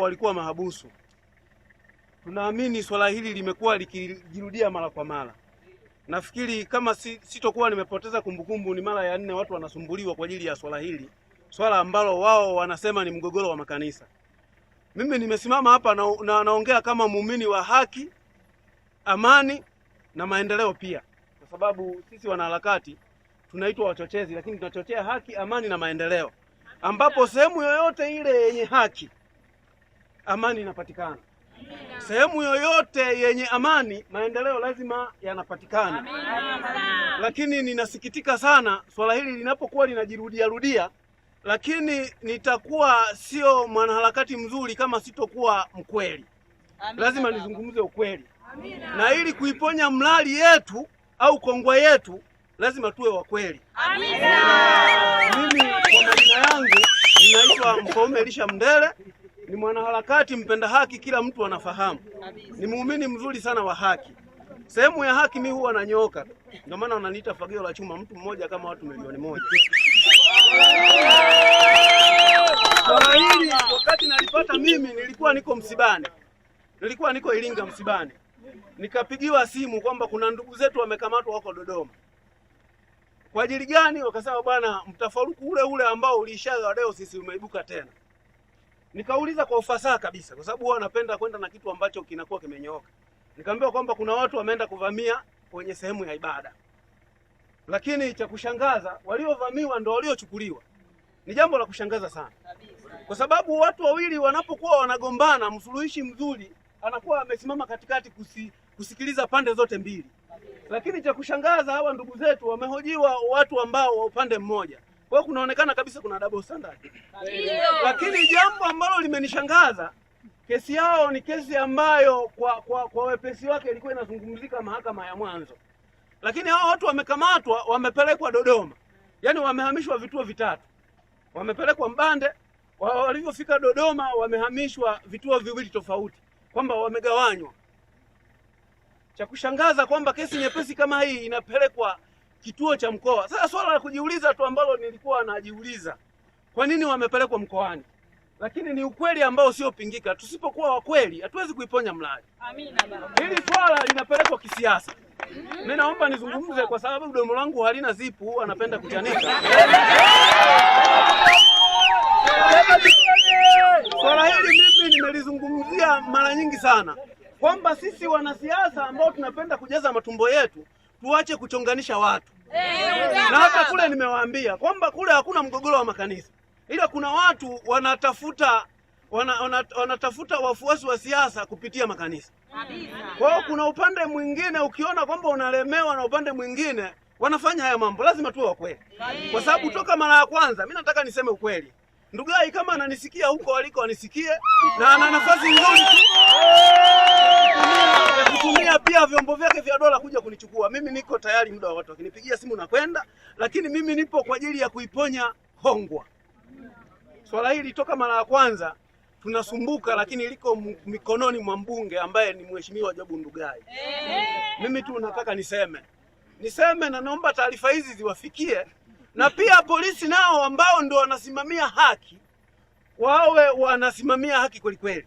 ambao walikuwa mahabusu. Tunaamini swala hili limekuwa likijirudia mara kwa mara. Nafikiri kama sitokuwa nimepoteza kumbukumbu, ni mara ya nne watu wanasumbuliwa kwa ajili ya swala hili, swala ambalo wao wanasema ni mgogoro wa makanisa. Mimi nimesimama hapa na, na naongea kama muumini wa haki, amani na maendeleo pia, kwa sababu sisi wanaharakati tunaitwa wachochezi, lakini tunachochea haki, amani na maendeleo, ambapo sehemu yoyote ile yenye haki amani inapatikana. Sehemu yoyote yenye amani, maendeleo lazima yanapatikana. Lakini ninasikitika sana swala hili linapokuwa linajirudia rudia, lakini nitakuwa sio mwanaharakati mzuri kama sitokuwa mkweli. Amina. Lazima nizungumze ukweli. Amina. Na ili kuiponya mlali yetu au kongwa yetu lazima tuwe wa kweli. Amina. Mimi kwa majina yangu ninaitwa Mpaume Elisha Mndele ni mwanaharakati mpenda haki, kila mtu anafahamu. Ni muumini mzuri sana wa haki. Sehemu ya haki mi huwa nanyoka, ndio maana wananiita fagio la chuma, mtu mmoja kama watu milioni moja. Swala hili wakati nalipata mimi, nilikuwa niko msibani, nilikuwa niko Iringa msibani, nikapigiwa simu kwamba kuna ndugu zetu wamekamatwa wako Dodoma. Kwa ajili gani? Wakasema bwana, mtafaruku ule ule ambao ulishaga leo sisi umeibuka tena. Nikauliza kwa ufasaha kabisa, kwa sababu huwa wanapenda kwenda na kitu ambacho kinakuwa kimenyooka. Nikamwambia kwamba kuna watu wameenda kuvamia kwenye sehemu ya ibada, lakini cha kushangaza waliovamiwa ndo waliochukuliwa. Ni jambo la kushangaza sana, kwa sababu watu wawili wanapokuwa wanagombana, msuluhishi mzuri anakuwa amesimama katikati kusi, kusikiliza pande zote mbili, lakini cha kushangaza hawa ndugu zetu wamehojiwa watu ambao wa upande mmoja kwa hiyo kunaonekana kabisa kuna double standard. Lakini jambo ambalo limenishangaza kesi yao ni kesi ambayo kwa kwa, kwa wepesi wake ilikuwa inazungumzika mahakama ya mwanzo, lakini hao watu wamekamatwa, wamepelekwa Dodoma, yaani wamehamishwa vituo vitatu, wamepelekwa Mbande, walivyofika Dodoma wamehamishwa vituo viwili tofauti, kwamba wamegawanywa. Cha kushangaza kwamba kesi nyepesi kama hii inapelekwa kituo cha mkoa. Sasa swala la kujiuliza tu ambalo nilikuwa najiuliza, kwa nini wamepelekwa mkoani? Lakini ni ukweli ambao usiopingika. Tusipokuwa wakweli, hatuwezi kuiponya mradi. Amina baba. Hili swala linapelekwa kisiasa. Mimi naomba nizungumze kwa sababu domo wangu halina zipu, anapenda kuchanika. Swala hili mimi nimelizungumzia mara nyingi sana kwamba sisi wanasiasa ambao tunapenda kujaza matumbo yetu tuache kuchonganisha watu eh, na hata kule nimewaambia kwamba kule hakuna mgogoro wa makanisa, ila kuna watu wanatafuta wana, wana, wanatafuta wafuasi wa siasa kupitia makanisa. Kwa hiyo kuna upande mwingine, ukiona kwamba unalemewa na upande mwingine wanafanya haya mambo, lazima tuwe wakweli, kwa sababu toka mara ya kwanza mimi nataka niseme ukweli. Ndugai kama ananisikia huko aliko anisikie, na ana nafasi nzuri tu kutumia pia vyombo vyake vya dola kuja kunichukua mimi. Niko tayari muda wa watu, wakinipigia simu nakwenda, lakini mimi nipo kwa ajili ya kuiponya Hongwa. Swala hili toka mara ya kwanza tunasumbuka, lakini liko mikononi mwa mbunge ambaye ni mheshimiwa Jobu Ndugai. Mimi tu nataka niseme niseme, na naomba taarifa hizi ziwafikie, na pia polisi nao ambao ndio wanasimamia haki wawe wanasimamia haki kweli kweli,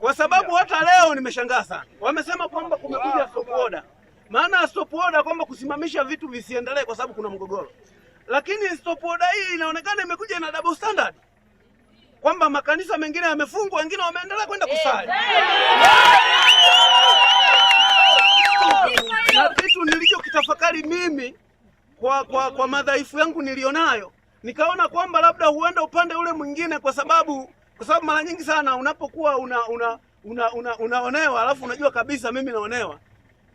kwa sababu hata leo nimeshangaa sana, wamesema kwamba kumekuja stop order. Maana stop order kwamba kusimamisha vitu visiendelee kwa sababu kuna mgogoro, lakini stop order hii inaonekana imekuja na double standard kwamba makanisa mengine yamefungwa, wengine wameendelea kwenda kusali na kitu nilichokitafakari mimi kwa, kwa, kwa madhaifu yangu nilionayo nikaona kwamba labda huenda upande ule mwingine, kwa sababu kwa sababu mara nyingi sana unapokuwa una, una, una, una unaonewa alafu unajua kabisa mimi naonewa,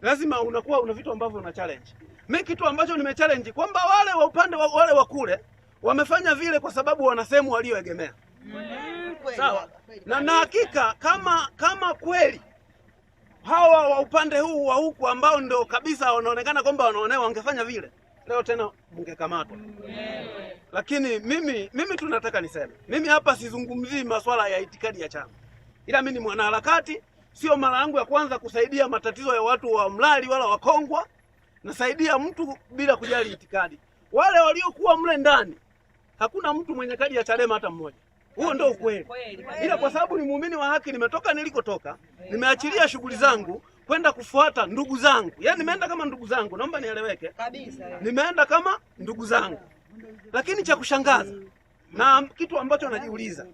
lazima unakuwa una vitu ambavyo una challenge. Mimi kitu ambacho nime challenge kwamba wale wa upande wa, wale wa kule wamefanya vile kwa sababu wana sehemu walioegemea mm. Sawa na na hakika, kama kama kweli hawa wa upande huu wa huku ambao ndio kabisa wanaonekana kwamba wanaonewa wangefanya vile leo tena mngekamatwa. Lakini mimi mimi tu nataka niseme, mimi hapa sizungumzii masuala ya itikadi ya chama, ila mimi ni mwanaharakati. Sio mara yangu ya kwanza kusaidia matatizo ya watu wa Mlali wala Wakongwa. Nasaidia mtu bila kujali itikadi. Wale waliokuwa mle ndani hakuna mtu mwenye kadi ya Chadema hata mmoja. Huo ndio ukweli, ila kwa sababu ni muumini wa haki, nimetoka nilikotoka, nimeachilia shughuli zangu kwenda kufuata ndugu zangu. Yaani nimeenda kama ndugu zangu, naomba nieleweke kabisa, nimeenda kama ndugu zangu. Lakini cha kushangaza na kitu ambacho anajiuliza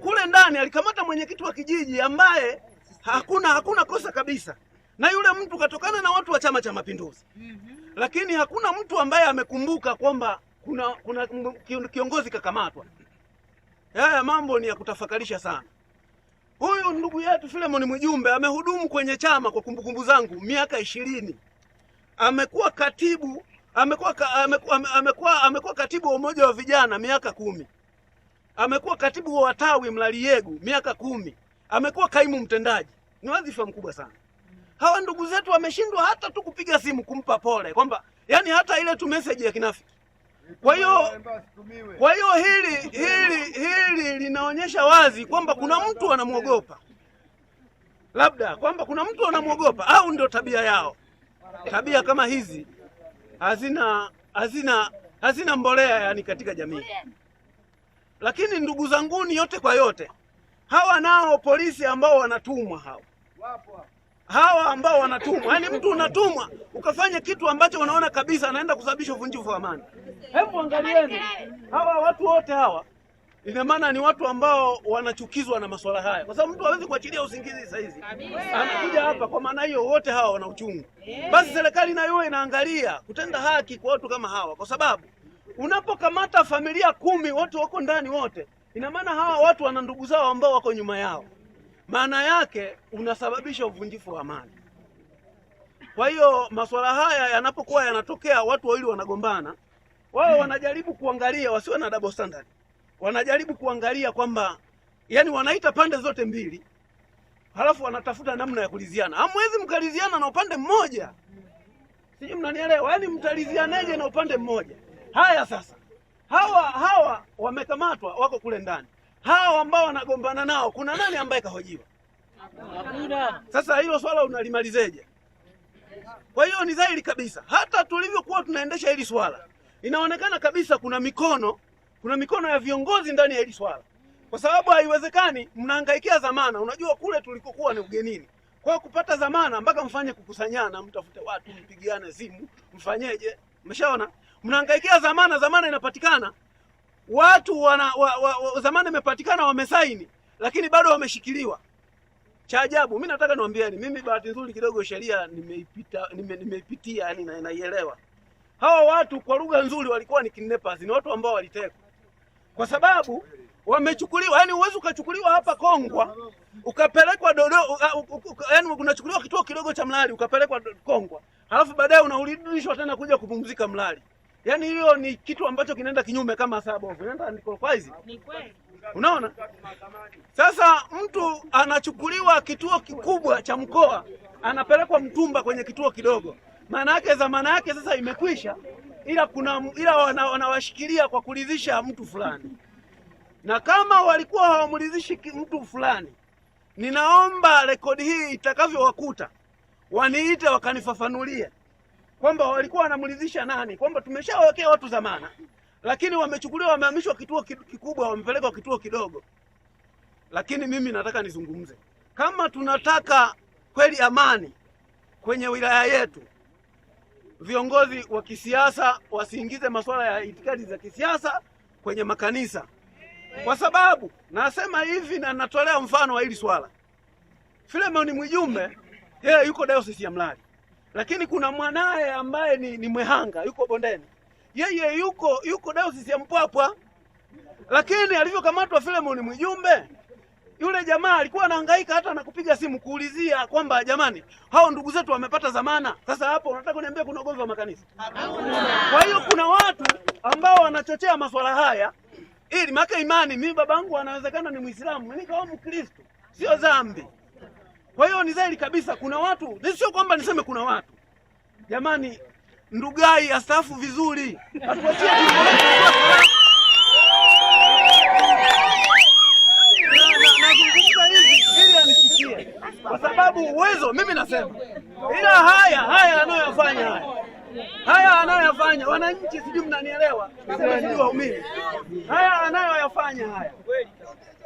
kule ndani, alikamata mwenyekiti wa kijiji ambaye hakuna hakuna kosa kabisa, na yule mtu katokana na watu wa Chama cha Mapinduzi, lakini hakuna mtu ambaye amekumbuka kwamba kuna, kuna kiongozi kakamatwa. Haya mambo ni ya kutafakarisha sana. Huyu ndugu yetu Filemon Mwijumbe amehudumu kwenye chama kwa kumbukumbu zangu miaka ishirini. Amekuwa katibu amekuwa amekuwa amekuwa katibu wa umoja wa vijana miaka kumi, amekuwa katibu wa watawi Mlaliegu miaka kumi, amekuwa kaimu mtendaji. Ni wadhifa mkubwa sana. Hawa ndugu zetu wameshindwa hata tu kupiga simu kumpa pole, kwamba yani hata ile tu message ya kinafiki. Kwa hiyo kwa hiyo hili hili hili linaonyesha wazi kwamba kuna mtu anamwogopa, labda kwamba kuna mtu anamwogopa, au ndio tabia yao. Tabia kama hizi hazina hazina hazina mbolea yani katika jamii. Lakini ndugu zanguni, yote kwa yote, hawa nao polisi ambao wanatumwa hawa hawa ambao wanatumwa, yaani mtu unatumwa ukafanya kitu ambacho unaona kabisa anaenda kusababisha uvunjifu wa amani. Hebu angalieni hawa watu wote hawa Ina maana ni watu ambao wanachukizwa na masuala haya, kwa sababu mtu hawezi kuachilia usingizi saa hizi, anakuja hapa. Kwa maana hiyo, wote hawa wana uchungu. Basi serikali nayo inaangalia kutenda haki kwa watu kama hawa, kwa sababu unapokamata familia kumi, watu wako ndani wote, ina maana hawa watu wana ndugu zao ambao wako nyuma yao, maana yake unasababisha uvunjifu wa amani. Kwa hiyo masuala haya yanapokuwa yanatokea, watu wawili wanagombana, wao wanajaribu kuangalia wasiwe na double standard wanajaribu kuangalia kwamba yani wanaita pande zote mbili, halafu wanatafuta namna ya kuliziana. Hamwezi mkaliziana na upande mmoja, sijui mnanielewa? Yani mtalizianeje na upande mmoja? Haya, sasa hawa hawa wamekamatwa, wako kule ndani. Hawa ambao wanagombana nao, kuna nani ambaye kahojiwa? Sasa hilo swala unalimalizeje? Kwa hiyo ni dhahiri kabisa, hata tulivyokuwa tunaendesha hili swala, inaonekana kabisa kuna mikono kuna mikono ya viongozi ndani ya hili swala, kwa sababu haiwezekani mnahangaikia zamana. Unajua kule tulikokuwa ni ugenini, kwa kupata zamana mpaka mfanye kukusanyana, mtafute watu, mpigiane simu, mfanyeje? Umeshaona, mnahangaikia zamana, zamana inapatikana watu wana, wa, wa, wa, zamana imepatikana, wamesaini lakini bado wameshikiliwa. Cha ajabu, mimi nataka niwaambieni, mimi bahati nzuri kidogo sheria nimeipita, nime, nimeipitia yani naielewa. Hawa watu kwa lugha nzuri walikuwa ni kidnappers, ni watu ambao walitekwa kwa sababu wamechukuliwa. Yani huwezi ukachukuliwa hapa Kongwa ukapelekwa Dodoma, yani unachukuliwa kituo kidogo cha Mlali ukapelekwa Kongwa halafu baadaye unaulidishwa tena kuja kupumzika Mlali. Yani hiyo ni kitu ambacho kinaenda kinyume kama sababu kinaenda Ni kweli. Unaona, sasa mtu anachukuliwa kituo kikubwa cha mkoa anapelekwa Mtumba kwenye kituo kidogo, maana yake zamana yake sasa imekwisha ila kuna ila wanawashikilia kwa kuridhisha mtu fulani, na kama walikuwa hawamridhishi mtu fulani, ninaomba rekodi hii itakavyowakuta waniite wakanifafanulia kwamba walikuwa wanamridhisha nani, kwamba tumeshawawekea watu zamana lakini wamechukuliwa, wamehamishwa kituo kikubwa, wamepelekwa kituo kidogo. Lakini mimi nataka nizungumze, kama tunataka kweli amani kwenye wilaya yetu viongozi wa kisiasa wasiingize masuala ya itikadi za kisiasa kwenye makanisa, kwa sababu nasema hivi na natolea mfano wa hili swala. Filemoni Mwijumbe yeye yuko dayosisi ya Mlali, lakini kuna mwanaye ambaye ni, ni Mwehanga yuko Bondeni, yeye yuko yuko dayosisi ya Mpwapwa, lakini alivyokamatwa Filemoni Mwijumbe yule jamaa alikuwa anahangaika hata anakupiga simu kuulizia kwamba jamani, hao ndugu zetu wamepata zamana. Sasa hapo unataka kuniambia kuna ugomvi wa makanisa? Kwa hiyo kuna watu ambao wanachochea masuala haya ili maka imani. Mimi babangu anawezekana ni Muislamu, mimi kama Mkristo, sio dhambi. Kwa hiyo ni zaidi kabisa, kuna watu, sio kwamba niseme kuna watu jamani, Ndugai astaafu vizuri, atuachie uwezo, mimi nasema, ila haya haya anayoyafanya haya haya anayoyafanya wananchi, sijui mnanielewa, sijui waumini, haya anayoyafanya haya,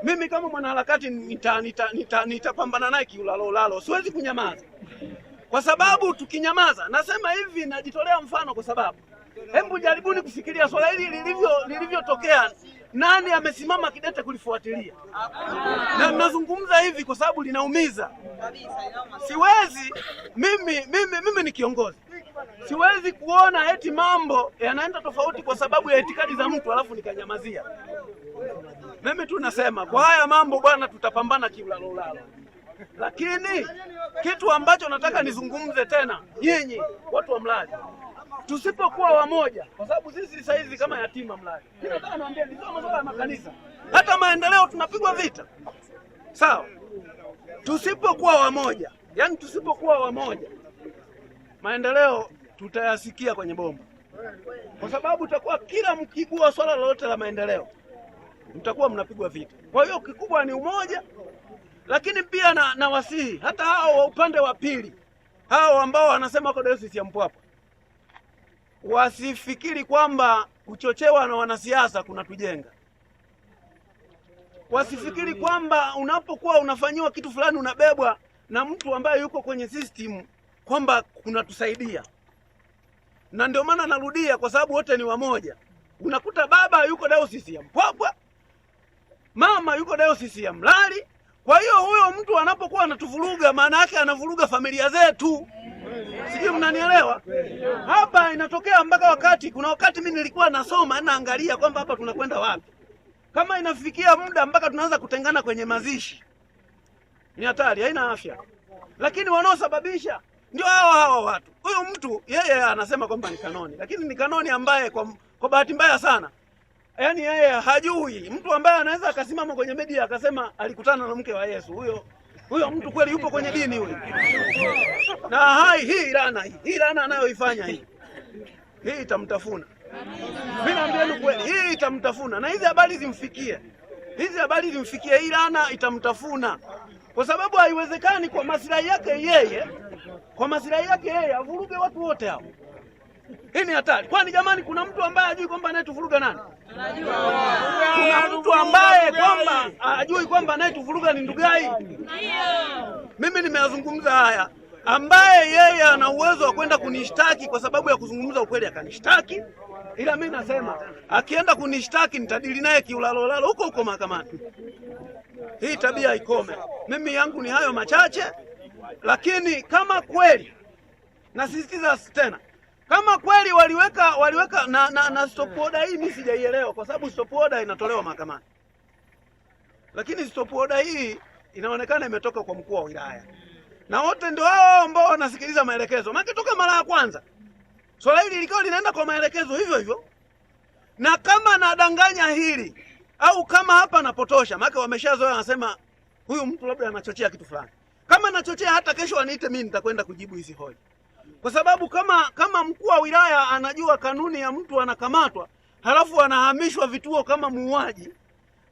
mimi kama mwanaharakati nitapambana nita, nita, nita naye kiulalolalo, siwezi kunyamaza kwa sababu tukinyamaza, nasema hivi, najitolea mfano kwa sababu, hebu jaribuni kufikiria swala hili lilivyotokea lilivyo nani amesimama kidete kulifuatilia? Na ninazungumza hivi kwa sababu linaumiza. Siwezi mimi, mimi, mimi ni kiongozi, siwezi kuona eti mambo yanaenda tofauti kwa sababu ya itikadi za mtu alafu nikanyamazia. Mimi tu nasema kwa haya mambo bwana, tutapambana kiulalolalo, lakini kitu ambacho nataka nizungumze tena, nyinyi watu wa mradi tusipokuwa wamoja, kwa sababu sisi sasa hizi kama yatima mlaji. Nataka niwaambie ndio masuala ya makanisa, hata maendeleo tunapigwa vita, sawa? Tusipokuwa wamoja, yani tusipokuwa wamoja, maendeleo tutayasikia kwenye bomba, kwa sababu tutakuwa kila mkigua swala lolote la maendeleo mtakuwa mnapigwa vita. Kwa hiyo kikubwa ni umoja, lakini pia na, na wasihi hata hao wa upande wa pili hao ambao wanasema wako dayosisi ya Mpwapwa wasifikiri kwamba kuchochewa na wanasiasa kunatujenga. Wasifikiri kwamba unapokuwa unafanyiwa kitu fulani, unabebwa na mtu ambaye yuko kwenye system kwamba kunatusaidia. Na ndio maana narudia, kwa sababu wote ni wamoja. Unakuta baba yuko dayosisi ya Mpwapwa, mama yuko dayosisi ya Mlali kwa hiyo huyo mtu anapokuwa anatuvuruga, maana yake anavuruga familia zetu, sijui mnanielewa. Hapa inatokea mpaka wakati, kuna wakati mimi nilikuwa nasoma naangalia kwamba hapa tunakwenda wapi, kama inafikia muda mpaka tunaanza kutengana kwenye mazishi, ni hatari, haina afya. Lakini wanaosababisha ndio hawa hawa watu. Huyu mtu yeye anasema kwamba ni kanoni, lakini ni kanoni ambaye kwa, kwa bahati mbaya sana yaani yeye hajui. Mtu ambaye anaweza akasimama kwenye media akasema alikutana na mke wa Yesu, huyo huyo mtu kweli yupo kwenye dini huyo? Na hai hii laana hii hii laana anayoifanya hii hii itamtafuna, mimi ni kweli, hii itamtafuna na hizi habari zimfikie, hizi habari zimfikie, hii laana itamtafuna, kwa sababu haiwezekani kwa maslahi yake yeye, kwa maslahi yake yeye avuruge watu wote hao. Hii ni hatari. Kwani jamani, kuna mtu ambaye ajui kwamba anayetuvuruga nani? Kuna mtu ambaye kwamba ajui kwamba anayetuvuruga ni Ndugai? Mimi nimeyazungumza haya, ambaye yeye ana uwezo wa kwenda kunishtaki kwa sababu ya kuzungumza ukweli akanishtaki, ila mimi nasema akienda kunishtaki nitadili naye kiulalolalo huko huko mahakamani. Hii tabia ikome. Mimi yangu ni hayo machache, lakini kama kweli, nasisitiza tena kama kweli waliweka waliweka na, na, na stop order hii mimi sijaielewa, kwa sababu stop order inatolewa mahakamani, lakini stop order hii inaonekana imetoka kwa mkuu wa wilaya, na wote ndio hao ambao wanasikiliza maelekezo. Maana toka mara ya kwanza swala hili likiwa linaenda kwa maelekezo hivyo hivyo, na kama nadanganya hili au kama hapa napotosha, maana wameshazoea, wanasema huyu mtu labda anachochea kitu fulani. Kama nachochea, hata kesho aniite mimi, nitakwenda kujibu hizi hoja kwa sababu kama kama mkuu wa wilaya anajua kanuni ya mtu anakamatwa, halafu anahamishwa vituo kama muuaji,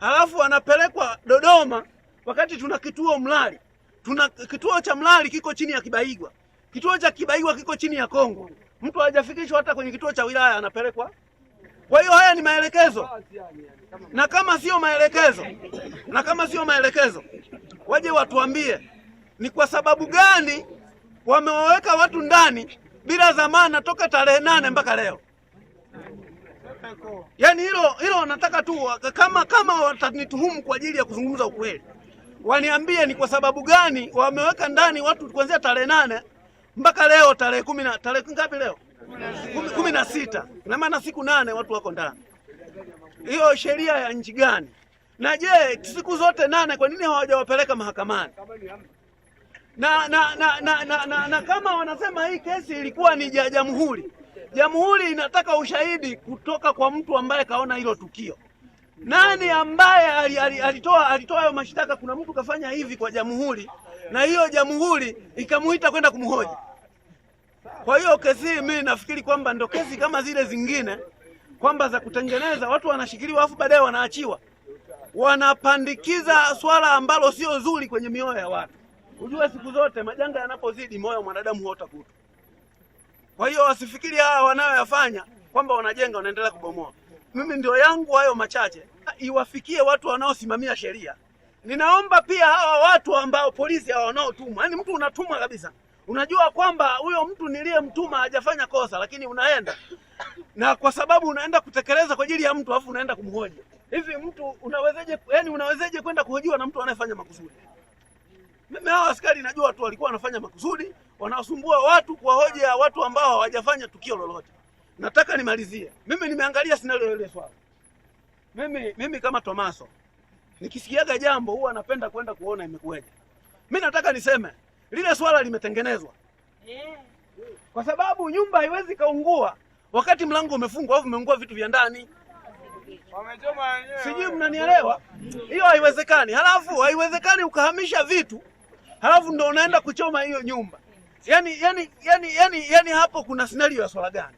halafu anapelekwa Dodoma, wakati tuna kituo Mlali, tuna kituo cha Mlali kiko chini ya Kibaigwa, kituo cha Kibaigwa kiko chini ya Kongo, mtu hajafikishwa hata kwenye kituo cha wilaya anapelekwa. Kwa hiyo haya ni maelekezo, na kama sio maelekezo, na kama sio maelekezo, waje watuambie ni kwa sababu gani wamewaweka watu ndani bila dhamana toka tarehe nane mpaka leo. Yaani hilo hilo wanataka tu, kama kama watanituhumu kwa ajili ya kuzungumza ukweli, waniambie ni kwa sababu gani wameweka ndani watu kuanzia tarehe nane mpaka leo tarehe kumi na tarehe ngapi leo? kumi na sita. Na maana siku nane watu wako ndani. Hiyo sheria ya nchi gani? Na je, siku zote nane, kwa nini hawajawapeleka mahakamani? na na na, na, na, na na kama wanasema hii kesi ilikuwa ni ya jamhuri, jamhuri inataka ushahidi kutoka kwa mtu ambaye kaona hilo tukio. Nani ambaye alitoa alitoa hayo mashtaka? Kuna mtu kafanya hivi kwa jamhuri, na hiyo jamhuri ikamuita kwenda kumhoji. Kwa hiyo kesi hii mimi nafikiri kwamba ndo kesi kama zile zingine, kwamba za kutengeneza watu wanashikiliwa, afu baadaye wanaachiwa, wanapandikiza swala ambalo sio zuri kwenye mioyo ya watu. Ujue siku zote majanga yanapozidi, moyo mwanadamu huota kutu. Kwa hiyo wasifikiri hawa wanayoyafanya kwamba wanajenga, wanaendelea kubomoa. Mimi ndio yangu hayo machache, iwafikie watu wanaosimamia sheria. Ninaomba pia hawa watu ambao polisi hawa wanaotumwa, yaani mtu unatumwa kabisa, unajua kwamba huyo mtu niliyemtuma hajafanya kosa, lakini unaenda na kwa sababu unaenda kutekeleza kwa ajili ya mtu, alafu unaenda kumhoji hivi. Mtu unawezeje? Yaani unawezeje kwenda kuhojiwa na mtu anayefanya makusudi? Mimi hawa askari najua watu walikuwa wanafanya makusudi, wanasumbua watu kwa hoja watu ambao hawajafanya tukio lolote. Nataka nimalizie. Mimi nimeangalia sina lolote swala. Mimi mimi kama Tomaso nikisikiaga jambo huwa napenda kwenda kuona imekuwaje. Mimi nataka niseme lile swala limetengenezwa. Kwa sababu nyumba haiwezi kaungua wakati mlango umefungwa au umeungua vitu vya ndani. Sijui mnanielewa? Hiyo haiwezekani. Halafu haiwezekani ukahamisha vitu halafu ndo unaenda kuchoma hiyo nyumba. Yani, yani, yani, yani, yani yaani hapo kuna scenario ya swala gani?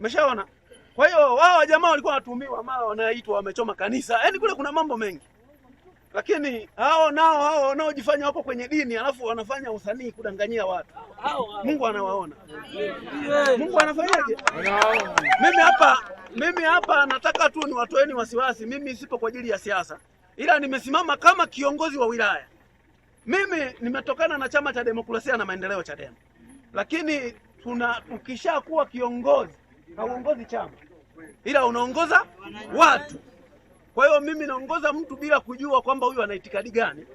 Umeshaona? Kwa hiyo wao jamaa walikuwa watumiwa, mara wanaitwa wamechoma kanisa, yaani kule kuna mambo mengi, lakini hao nao hao wanaojifanya wapo kwenye dini alafu wanafanya usanii kudanganyia watu. Mungu anawaona, Mungu anafanyaje? Mimi hapa mimi hapa nataka tu niwatoeni wasiwasi, mimi sipo kwa ajili ya siasa, ila nimesimama kama kiongozi wa wilaya. Mimi nimetokana na chama cha demokrasia na maendeleo CHADEMA, lakini tuna ukishakuwa kiongozi hauongozi chama, ila unaongoza watu. Kwa hiyo mimi naongoza mtu bila kujua kwamba huyu ana itikadi gani,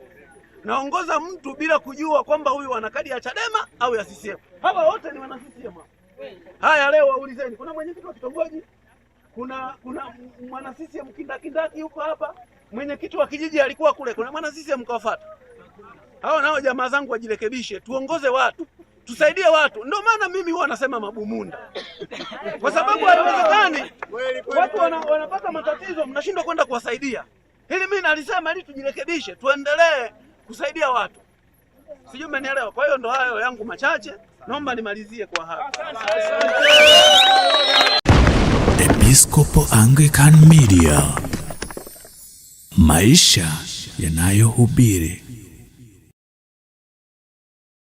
naongoza mtu bila kujua kwamba huyu ana kadi ya CHADEMA au ya CCM. Hawa wote ni wana CCM. Haya, leo waulizeni, kuna mwenyekiti wa kitongoji, kuna kuna mwana CCM kindakindaki huko hapa, mwenyekiti wa kijiji alikuwa kule, kuna mwana CCM kawafuata hao nao jamaa zangu wajirekebishe, tuongoze watu, tusaidie watu. Ndio maana mimi huwa nasema mabumunda, kwa sababu haiwezekani watu wana, wanapata matatizo, mnashindwa kwenda kuwasaidia. Hili mimi nalisema ili tujirekebishe, tuendelee kusaidia watu. Sijui mmenielewa. Kwa hiyo ndo hayo yangu machache, naomba nimalizie kwa hapa. Episcopal Anglican Media, maisha yanayohubiri.